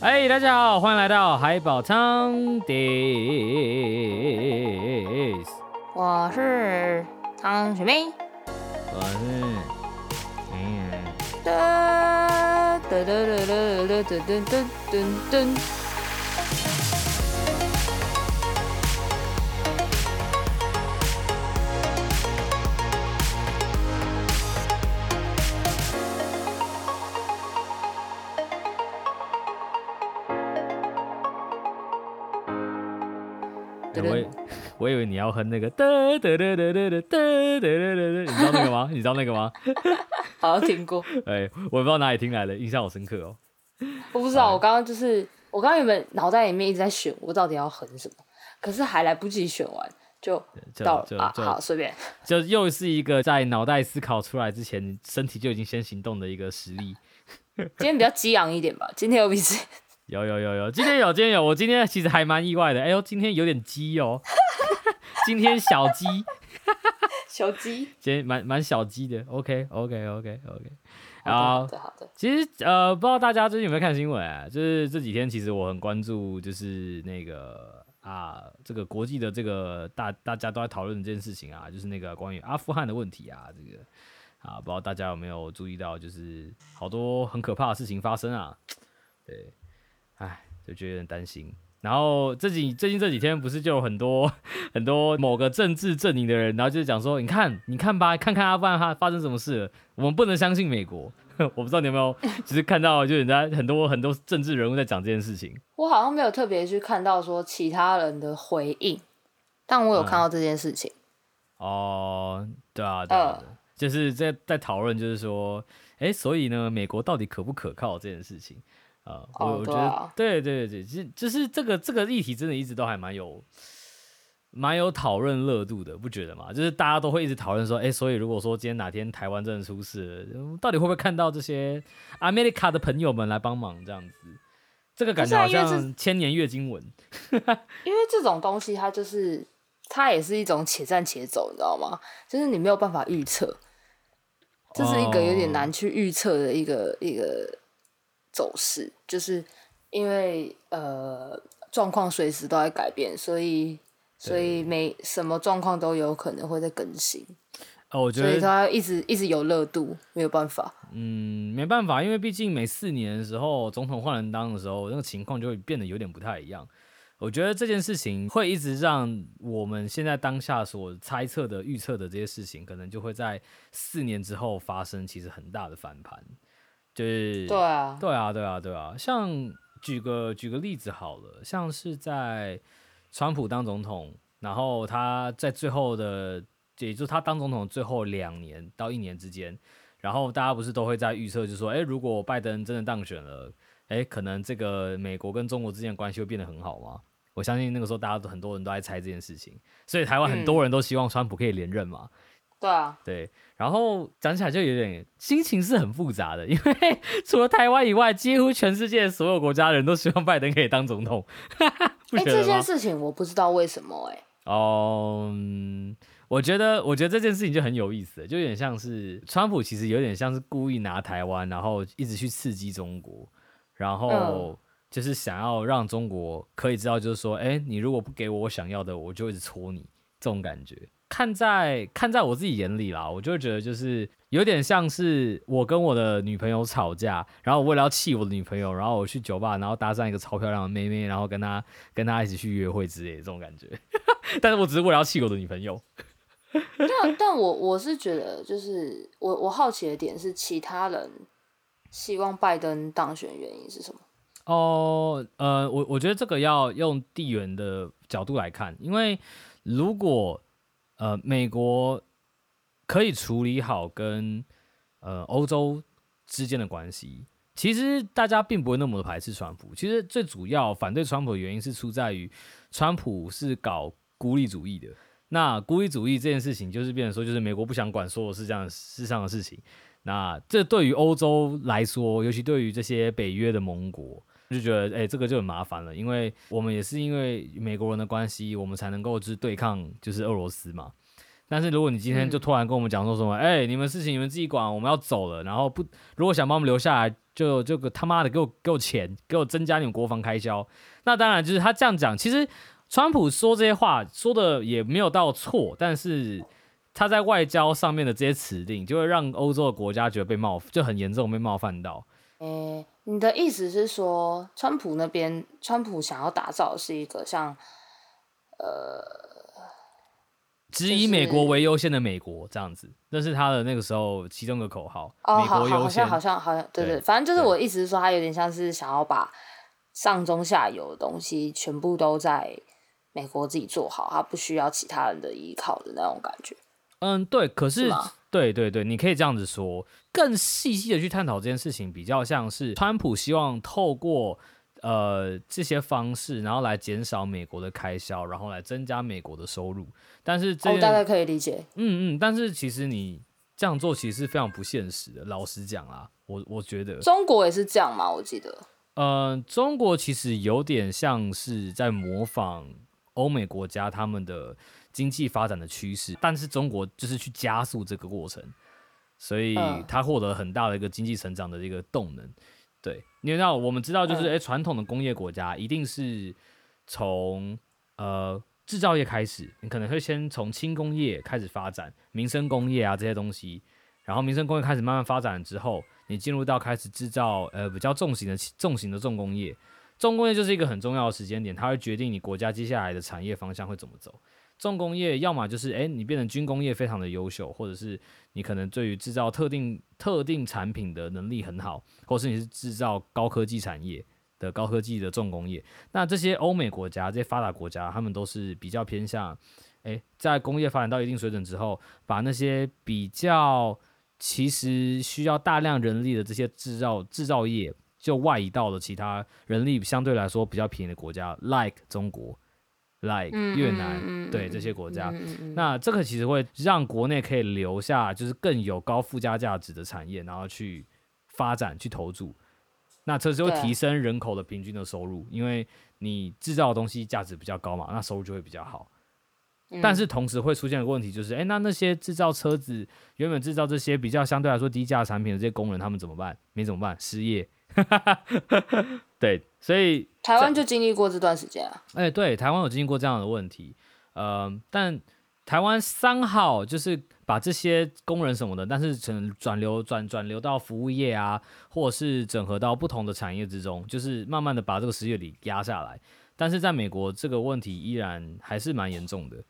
嗨，大家好，歡迎來到海寶倉 Days，我是湯雪妹，我是嗯。我以為你要哼那個得得得得得得得得得得，你知道那個嗎？你知道那個嗎？好像聽過。哎，我也不知道哪裡聽來的，印象好深刻哦。我不知道，我剛剛就是，我剛剛原本腦袋裡面一直在選，我到底要哼什麼，可是還來不及選完，就到啊，好隨便。就又是一個在腦袋思考出來之前，身體就已經先行動的一個實力。今天比較激昂一點吧。今天有比有有有有，今天有，今天有。我今天其實還蠻意外的，哎呦，今天有點激哦。 今天小雞，小雞，今天蠻蠻小雞的。OK OK OK OK，uh，好的，好的。其實呃，不知道大家最近有沒有看新聞啊？就是這幾天其實我很關注，就是那個啊，這個國際的這個大大家都在討論這件事情啊，就是那個關於阿富汗的問題啊，這個啊，不知道大家有沒有注意到，就是好多很可怕的事情發生啊。對，哎，就覺得有點擔心。然後最近最近這幾天不是就有很多很多某個政治陣營的人，然後就講說，你看你看吧，看看阿富汗，他發生什麼事了，我們不能相信美國。我不知道你有沒有， 就是看到就是人家很多很多政治人物在講這件事情。我好像沒有特別去看到說其他人的回應，但我有看到這件事情。嗯、哦，對啊，對，啊，呃、就是在在討論，就是說，哎，所以呢，美國到底可不可靠這件事情。啊，我、uh, oh, 我覺得對對對，其實、啊、就，就是這個這個議題，真的一直都還蠻有蠻有討論熱度的，不覺得嗎？就是大家都會一直討論說，哎、欸，所以如果說今天哪天台灣真的出事了，到底會不會看到這些、America 的朋友們來幫忙？這樣子，這個感覺好像千年月經文。因為， 因為這種東西，它就是它也是一種且戰且走，你知道嗎？就是你沒有辦法預測，這是一個有點難去預測的一個、oh. 一個。走勢，就是因為呃，狀況隨時都在改變，所以所以每什麼狀況都有可能會再更新。哦，我覺得，所以他一直一直有熱度，沒有辦法。嗯，沒辦法，因為畢竟每四年的時候總統換人當的時候，那個情況就會變得有點不太一樣。我覺得這件事情會一直讓我們現在當下所猜測的、預測的這些事情，可能就會在四年之後發生，其實很大的翻盤。就是對啊，對啊，對啊，對啊。像舉個舉個例子好了，像是在川普當總統，然後他在最後的，也就是他當總統最後兩年到一年之間，然後大家不是都會在預測，就是說，誒，如果拜登真的當選了，誒，可能這個美國跟中國之間的關係會變得很好嗎？我相信那個時候，大家都很多人都在猜這件事情，所以台灣很多人都希望川普可以連任嘛。嗯對啊，對，然後講起來就有點心情是很複雜的，因為除了台灣以外，幾乎全世界所有國家的人都希望拜登可以當總統。哎，這件事情我不知道為什麼哎。哦，um, 我覺得我覺得這件事情就很有意思，就有點像是川普其實有點像是故意拿台灣，然後一直去刺激中國，然後就是想要讓中國可以知道，就是說，哎、嗯，你如果不給我我想要的，我就一直戳你這種感覺。看在看在我自己眼裡啦，我就會覺得就是有點像是我跟我的女朋友吵架，然後我為了要氣我的女朋友，然後我去酒吧，然後搭訕一個超漂亮的妹妹，然後跟她跟她一起去約會之類的這種感覺。 但是我只是為了要氣我的女朋友。 但但我我是覺得，就是我我好奇的點是，其他人希望拜登當選原因是什麼？哦，oh, 呃，我我覺得這個要用地緣的角度來看，因為如果。呃，美國可以處理好跟呃歐洲之間的關係，其實大家並不會那麼排斥川普。其實最主要反對川普的原因是出在於川普是搞孤立主義的。那孤立主義這件事情，就是變成說，就是美國不想管所有事，這樣世上的事情。那這對於歐洲來說，尤其對於這些北約的盟國。就覺得哎、欸，這個就很麻煩了，因為我們也是因為美國人的關係，我們才能夠就是對抗就是俄羅斯嘛。但是如果你今天就突然跟我們講說什麼，哎、欸，你們事情你們自己管，我們要走了，然後不，如果想把我們留下來，就就他媽的給我給我錢，給我增加你們國防開銷。那當然就是他這樣講，其實川普說這些話說的也沒有到錯，但是他在外交上面的這些辭令，就會讓歐洲的國家覺得被冒就很嚴重被冒犯到。欸、你的意思是說，川普那邊，川普想要打造的是一個像呃，就是、只以美國為優先的美國這樣子，那是他的那個時候其中一個口號，哦、美國優先好好，好像好像，好像對，對對，對，反正就是我的意思是說，對他有點像是想要把上中下游的東西全部都在美國自己做好，他不需要其他人的依靠的那種感覺。嗯，對，可是，是對對對，你可以這樣子說，更細細的去探討這件事情，比較像是川普希望透過呃這些方式，然後來減少美國的開銷，然後來增加美國的收入。但是這、哦、大家可以理解，嗯嗯，但是其實你這樣做其實是非常不現實的。老實講啊，我我覺得中國也是這樣嗎？我記得，嗯、呃，中國其實有點像是在模仿歐美國家他們的。經濟發展的趨勢，但是中國就是去加速這個過程，所以它獲得很大的一個經濟成長的一個動能。對，你知道，我們知道就是，誒，傳統的工業國家一定是從呃製造業開始，你可能會先從輕工業開始發展，民生工業啊這些東西，然後民生工業開始慢慢發展了之後，你進入到開始製造呃比較重型的重型的重工業，重工業就是一個很重要的時間點，它會決定你國家接下來的產業方向會怎麼走。重工業要麼就是誒、欸，你變成軍工業非常的優秀，或者是你可能對於製造特定特定產品的能力很好，或是你是製造高科技產業的高科技的重工業。那這些歐美國家、這些發達國家，他們都是比較偏向誒、欸，在工業發展到一定水準之後，把那些比較其實需要大量人力的這些製造製造業就外移到了其他人力相對來說比較便宜的國家，like 中國。來、like，越南，嗯、對、嗯、這些國家，嗯嗯嗯、那這個其實會讓國內可以留下，就是更有高附加價值的產業，然後去發展、去投注。那這時候提升人口的平均的收入，對因為你製造的東西價值比較高嘛，那收入就會比較好。嗯、但是同時會出現一個問題，就是誒、欸，那那些製造車子，原本製造這些比較相對來說低價產品的這些工人，他們怎麼辦？沒怎麼辦，失業。 對。所以台灣就經歷過這段時間啊，哎，欸、對，台灣有經歷過這樣的問題，呃，但台灣三號就是把這些工人什麼的，但是轉轉流轉轉流到服務業啊，或者是整合到不同的產業之中，就是慢慢的把這個失業率壓下來。但是在美國這個問題依然還是蠻嚴重的，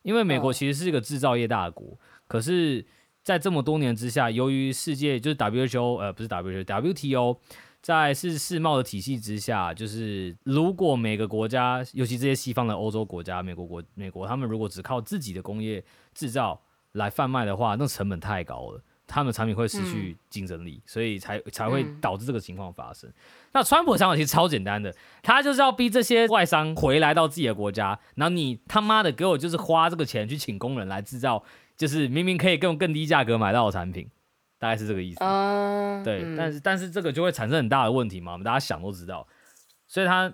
因為美國其實是一個制造業大國，嗯、可是，在這麼多年之下，由於世界就是 WHO，呃，不是 WHO, WTO。在是世貿的體系之下，就是如果每個國家，尤其這些西方的歐洲國家、美國國、美國，他們如果只靠自己的工業製造來販賣的話，那成本太高了，他們的產品會失去競爭力，嗯，所以才才會導致這個情況發生。嗯，那川普的想法其實超簡單的，他就是要逼這些外商回來到自己的國家，然後你他媽的給我就是花這個錢去請工人來製造，就是明明可以更更低價格買到的產品。大概是這個意思，uh, 對，嗯，但是但是這個就會產生很大的問題嘛，我們大家想都知道，所以他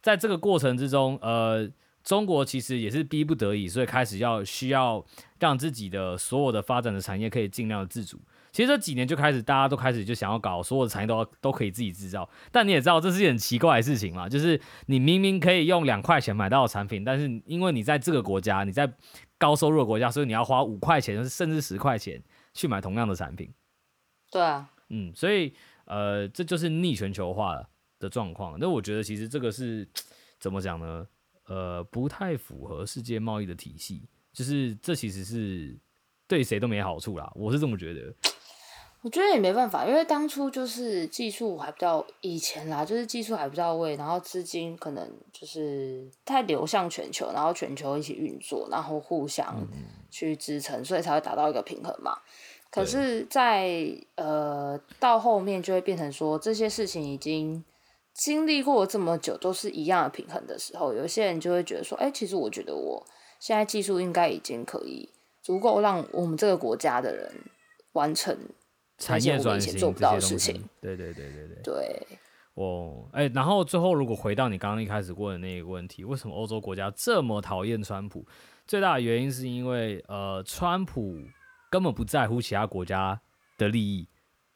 在這個過程之中，呃，中國其實也是逼不得已，所以開始要需要讓自己的所有的發展的產業可以儘量的自主。其實這幾年就開始大家都開始就想要搞所有的產業都要都可以自己制造，但你也知道這是件很奇怪的事情嘛，就是你明明可以用兩塊錢買到的產品，但是因為你在這個國家，你在高收入的國家，所以你要花五塊錢甚至十塊錢去買同樣的產品。對啊，嗯，所以呃，這就是逆全球化的狀況。那我覺得其實這個是怎麼講呢？呃，不太符合世界貿易的體系，就是這其實是對誰都沒好處啦。我是這麼覺得。我覺得也沒辦法，因為當初就是技術還比較以前啦，就是技術還不到位，然後資金可能就是太流向全球，然後全球一起運作，然後互相去支撐，嗯、所以才會達到一個平衡嘛。可是在，在呃到後面就會變成說，這些事情已經經歷過這麼久，都是一樣的平衡的時候，有些人就會覺得說，哎、欸，其實我覺得我現在技術應該已經可以足夠讓我們這個國家的人完成產業轉型做不到的事情。對對對對對對。哦，哎、欸，然後最後，如果回到你剛剛一開始問的那個問題，為什麼歐洲國家這麼討厭川普？最大的原因是因為呃，川普。根本不在乎其他國家的利益，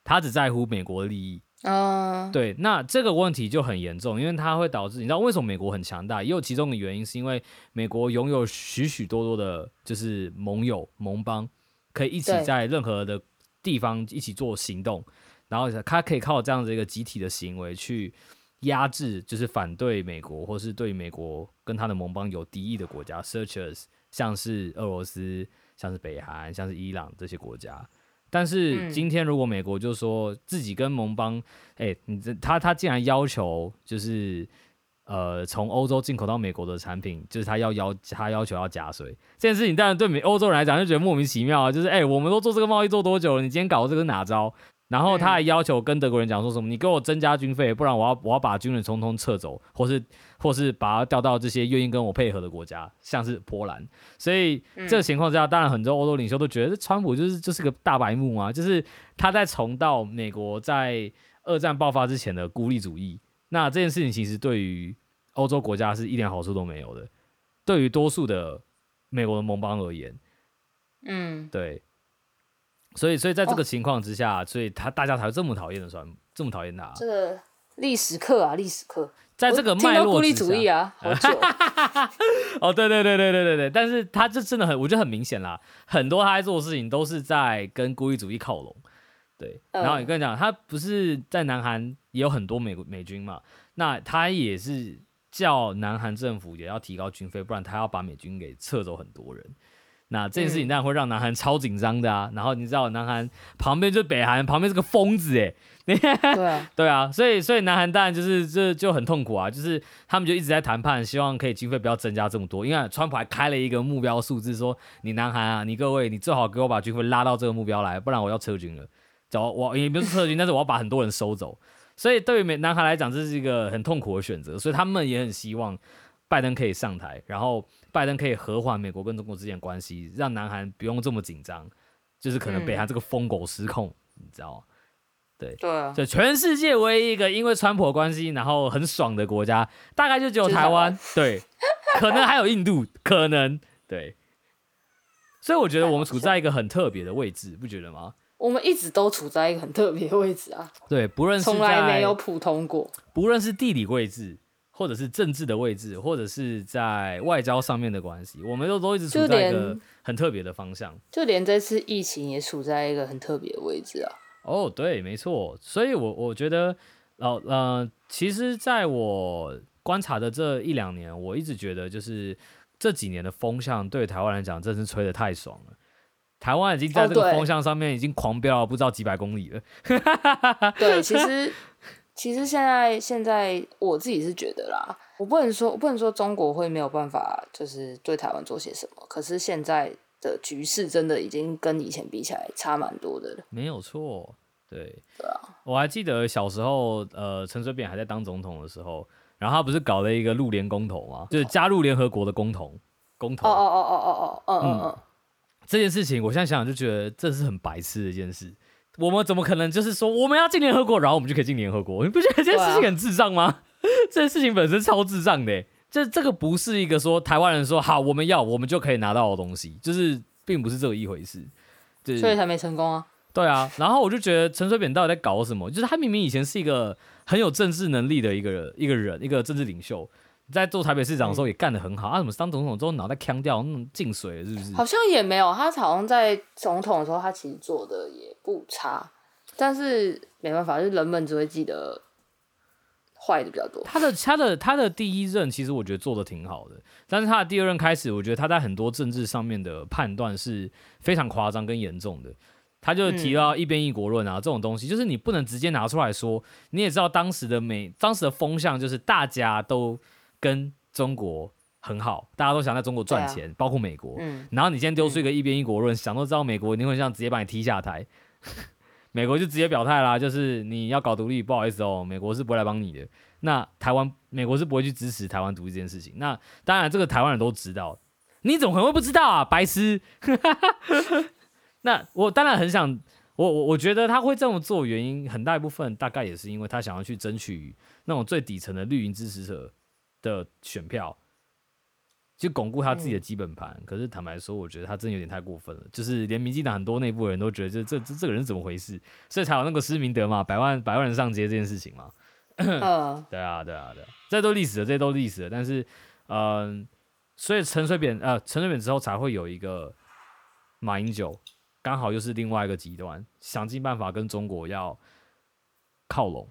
他只在乎美國的利益啊。Uh、對，那這個問題就很嚴重，因為它會導致你知道為什麼美國很強大？也有其中的原因，是因為美國擁有許許多多的，就是盟友、盟邦，可以一起在任何的地方一起做行動，對然後他可以靠這樣的一個集體的行為去壓制，就是反對美國或是對美國跟他的盟邦有敵意的國家，searchers，像是俄羅斯。像是北韓、像是伊朗這些國家，但是今天如果美國就是說自己跟盟邦，哎、嗯欸，你這他他竟然要求就是，呃，從歐洲進口到美國的產品，就是他要要他要求要加稅這件事情，當然對美歐洲人來講就覺得莫名其妙啊，就是哎、欸，我們都做這個貿易做多久了？你今天搞的這個哪招？然後他還要求跟德國人講說什麼，嗯、你給我增加軍費，不然我要我要把軍人通通撤走，或是或是把他調到這些願意跟我配合的國家，像是波蘭。所以、嗯、這個情況之下，當然很多歐洲領袖都覺得，這川普就是就是個大白目啊，就是他在重蹈美國在二戰爆發之前的孤立主義。那這件事情其實對於歐洲國家是一點好處都沒有的，對於多數的美國的盟邦而言，嗯，對。所以，所以在這個情況之下，哦、所以他大家才這麼討厭的算這麼討厭他。這歷史課啊，歷史課。在這個脈絡之下。我聽到孤立主義啊。好 哦，對對對對對對對。但是他這真的很，我覺得很明顯啦，很多他在做的事情都是在跟孤立主義靠攏。對。嗯、然後你跟你講，他不是在南韓也有很多美美軍嘛？那他也是叫南韓政府也要提高軍費，不然他要把美軍給撤走很多人。那這件事情當然會讓南韓超緊張的啊，嗯、然後你知道南韓旁邊就是北韓，旁邊是個瘋子誒。對 對啊，所以所以南韓當然就是這就，就很痛苦啊，就是他們就一直在談判，希望可以軍費不要增加這麼多。因為川普還開了一個目標數字說，說你南韓啊，你各位你最好給我把軍費拉到這個目標來，不然我要撤軍了。走我也不是撤軍， 但是我要把很多人收走。所以對於美南韓來講，這是一個很痛苦的選擇，所以他們也很希望。拜登可以上台，然後拜登可以和緩美國跟中國之間關係，讓南韓不用這麼緊張，就是可能北韓這個瘋狗失控，嗯、你知道嗎？對對、啊，就全世界唯一一個因為川普關係然後很爽的國家，大概就只有台灣，台灣，對， 可能還有印度， 可能對。所以我覺得我們處在一個很特別的位置，不覺得嗎？我們一直都處在一個很特別的位置啊，對，不論是從來沒有普通過，不論是地理位置。或者是政治的位置，或者是在外交上面的關係，我們都都一直處在一個很特別的方向就。就連這次疫情也處在一個很特別的位置啊！哦，oh, 對，沒錯。所以我，我我覺得，老呃，其實，在我觀察的這一兩年，我一直覺得，就是這幾年的風向對台灣來講，真是吹得太爽了。台灣已經在這個風向上面已經狂飆，不知道幾百公里了。 對，其實。 其實現在，現在我自己是覺得啦，我不能說，我不能說中國會沒有辦法，就是對台灣做些什麼。可是現在的局勢真的已經跟以前比起來差蠻多的了。沒有錯，對。對啊，我還記得小時候，呃，陳水扁還在當總統的時候，然後他不是搞了一個入聯公投嘛，嗯、就是加入聯合國的公投。公投。哦哦哦哦哦哦。嗯嗯。這件事情，我現在想想就覺得這是很白痴的一件事。我們怎麼可能就是說我們要進聯合國，然後我們就可以進聯合國？你不覺得這件事情很智障嗎？啊、 這件事情本身超智障的，這這個不是一個說台灣人說好我們要我們就可以拿到的東西，就是並不是這一回事，所以才沒成功啊。對啊，然後我就覺得陳水扁到底在搞什麼？就是他明明以前是一個很有政治能力的一個人一個人，一個政治領袖，在做台北市長的時候也幹得很好啊，怎麼當總統之後腦袋嗆掉，那種進水是不是？好像也沒有，他好像在總統的時候，他其實做的也。誤差，但是沒辦法，就是人們只會記得壞的比較多。他的他的他的第一任其實我覺得做的挺好的，但是他的第二任開始，我覺得他在很多政治上面的判斷是非常誇張跟嚴重的。他就提到一邊一國論啊，嗯、這種東西就是你不能直接拿出來說。你也知道當時的美當時的風向就是大家都跟中國很好，大家都想在中國賺錢，啊、包括美國。嗯，然後你先丟出一個一邊一國論，嗯、想都知道美國一定會這樣直接把你踢下台。美國就直接表態啦，就是你要搞獨立，不好意思哦，美國是不會來幫你的。那台灣，美國是不會去支持台灣獨立這件事情。那當然，這個台灣人都知道，你怎麼可能會不知道啊？白痴！ 那我當然很想，我我覺得他會這麼做，原因很大一部分大概也是因為他想要去爭取那種最底層的綠營支持者的選票。就鞏固他自己的基本盤，嗯、可是坦白說，我覺得他真的有點太過分了。就是連民進黨很多內部人都覺得這，這這這個人怎麼回事？所以才有那個施明德嘛，百萬百萬人上街這件事情嘛。 呃、對啊，對啊，對啊，這都歷史了，這些都歷史了。但是，嗯、呃，所以陳水扁，呃，陳水扁之後才會有一個馬英九，剛好又是另外一個極端，想盡辦法跟中國要靠攏。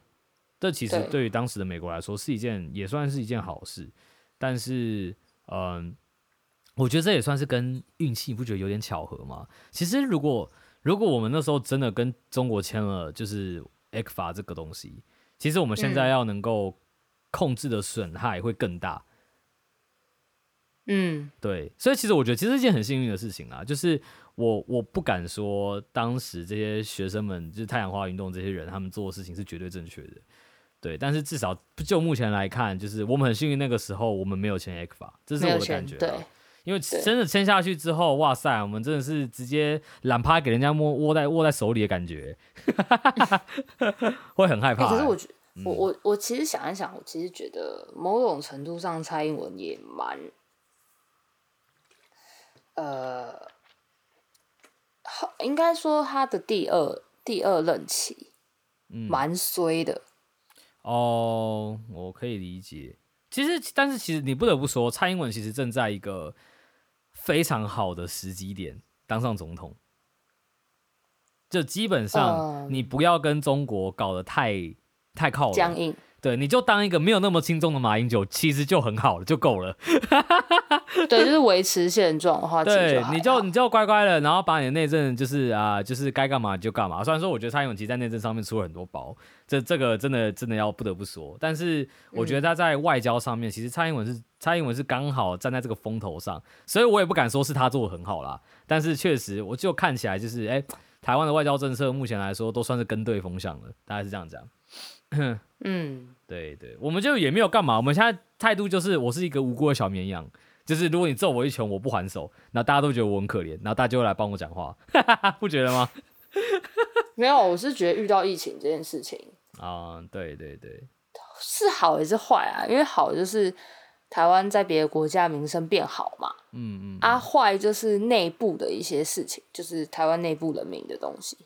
這其實對於當時的美國來說是一件，對也算是一件好事，但是。嗯，我覺得這也算是跟運氣，不覺得有點巧合嗎？其實如果如果我們那時候真的跟中國簽了，就是 ECFA 這個東西，其實我們現在要能夠控制的損害會更大。嗯，嗯，對，所以其實我覺得其實是一件很幸運的事情啊，就是我我不敢說當時這些學生們，就是太陽花運動這些人，他們做的事情是絕對正確的。對，但是至少就目前來看，就是我們很幸運，那個時候我們沒有簽 ECFA，這是我的感覺沒有。對，因為真的簽下去之後，對哇塞，我們真的是直接懶趴給人家摸握在握在手裡的感覺， 會很害怕。可是我覺、欸，我我我其實想一想，我其實覺得某種程度上，蔡英文也蠻，呃，應該說他的第二第二任期，嗯，蠻衰的。嗯哦，oh, 我可以理解。其實，但是其實你不得不說，蔡英文其實正在一個非常好的時機點當上總統，就基本上、um, 你不要跟中國搞得太太靠僵硬。對，你就當一個沒有那麼輕重的馬英九，其實就很好了，就夠了。 對，就是維持現狀的話，其實對，你就你就乖乖的，然後把你的內政就是啊、呃，就是該幹嘛就幹嘛。雖然說我覺得蔡英文其實在內政上面出了很多包，這這個真的真的要不得不說，但是我覺得他在外交上面，嗯、其實蔡英文是蔡英文是剛好站在這個風頭上，所以我也不敢說是他做的很好啦。但是確實，我就看起來就是，哎，台灣的外交政策目前來說都算是跟對風向的，大概是這樣講。 嗯，對對，我們就也沒有幹嘛。我們現在態度就是，我是一個無辜的小綿羊，就是如果你揍我一拳，我不還手，那大家都覺得我很可憐，然後大家就會來幫我講話， 不覺得嗎？ 沒有，我是覺得遇到疫情這件事情啊、哦，對對對，是好也是壞啊。因為好就是台灣在別的國家的名聲變好嘛，嗯，嗯嗯。啊，壞就是內部的一些事情，就是台灣內部人民的東西。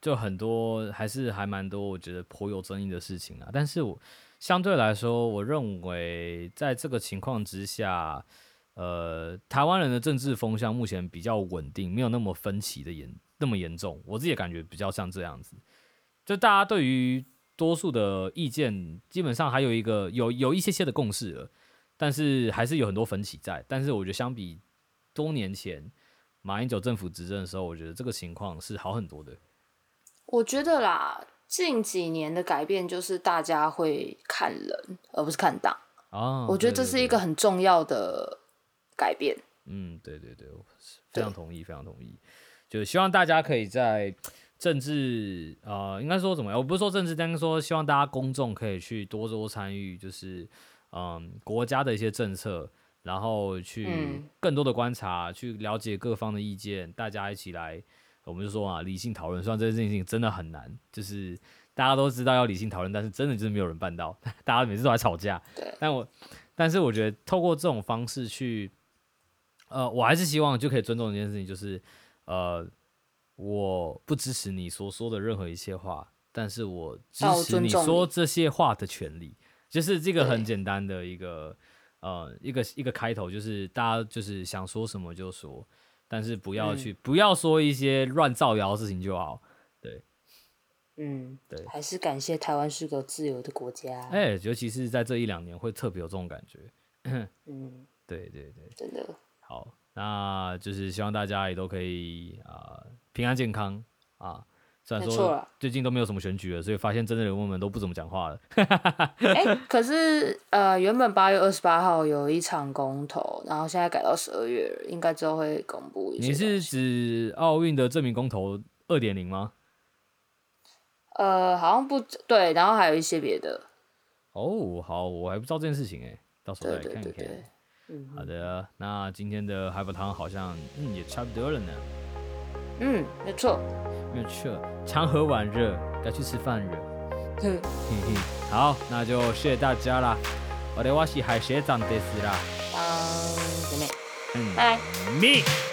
就很多還是還蠻多，我覺得頗有爭議的事情啊。但是我相對來說，我認為在這個情況之下，呃，台灣人的政治風向目前比較穩定，沒有那麼分歧的嚴那麼嚴重。我自己也感覺比較像這樣子，就大家對於多數的意見，基本上還有一個有有一些些的共識了，但是還是有很多分歧在。但是我覺得相比多年前馬英九政府執政的時候，我覺得這個情況是好很多的。我覺得啦，近幾年的改變就是大家會看人，而不是看黨。啊、對對對，我覺得這是一個很重要的改變。嗯，對對對，我非常同意，對非常同意。就希望大家可以在政治啊、呃，應該說怎麼樣？我不是說政治，但是說希望大家公眾可以去多多參與，就是嗯，國家的一些政策，然後去更多的觀察，去了解各方的意見，嗯、大家一起來。我們就說啊，理性討論，雖然這件事情真的很難，就是大家都知道要理性討論，但是真的就是沒有人辦到，大家每次都在吵架。對，但我但是我覺得透過這種方式去，呃，我還是希望就可以尊重一件事情，就是呃，我不支持你所說的任何一些話，但是我支持你說這些話的權利，就是這個很簡單的一個對呃一個一個開頭，就是大家就是想說什麼就說。但是不要去，嗯、不要說一些亂造謠的事情就好。對，嗯，對，還是感謝台灣是個自由的國家。哎、欸，尤其是在這一兩年，會特別有這種感覺。 嗯，對對對，真的。好，那就是希望大家也都可以啊、呃，平安健康啊。錯了，雖然說最近都沒有什麼選舉了，所以發現真正的我們都不怎麼講話了。哎 欸，可是呃，原本八月二十八號有一場公投，然後現在改到十二月應該，之後會公布一下。你是指奧運的政名公投二點零嗎？呃，好像不對，然後還有一些別的。哦，好，我還不知道這件事情哎、欸，到時候再看一看。對對對對，嗯，好的，那今天的海寶湯好像嗯，也差不多了呢。嗯，沒錯，沒錯，長河晚熱，該去吃飯了。嗯， 好，那就謝謝大家啦，我哋話是海學長的斯啦，嗯，拜拜，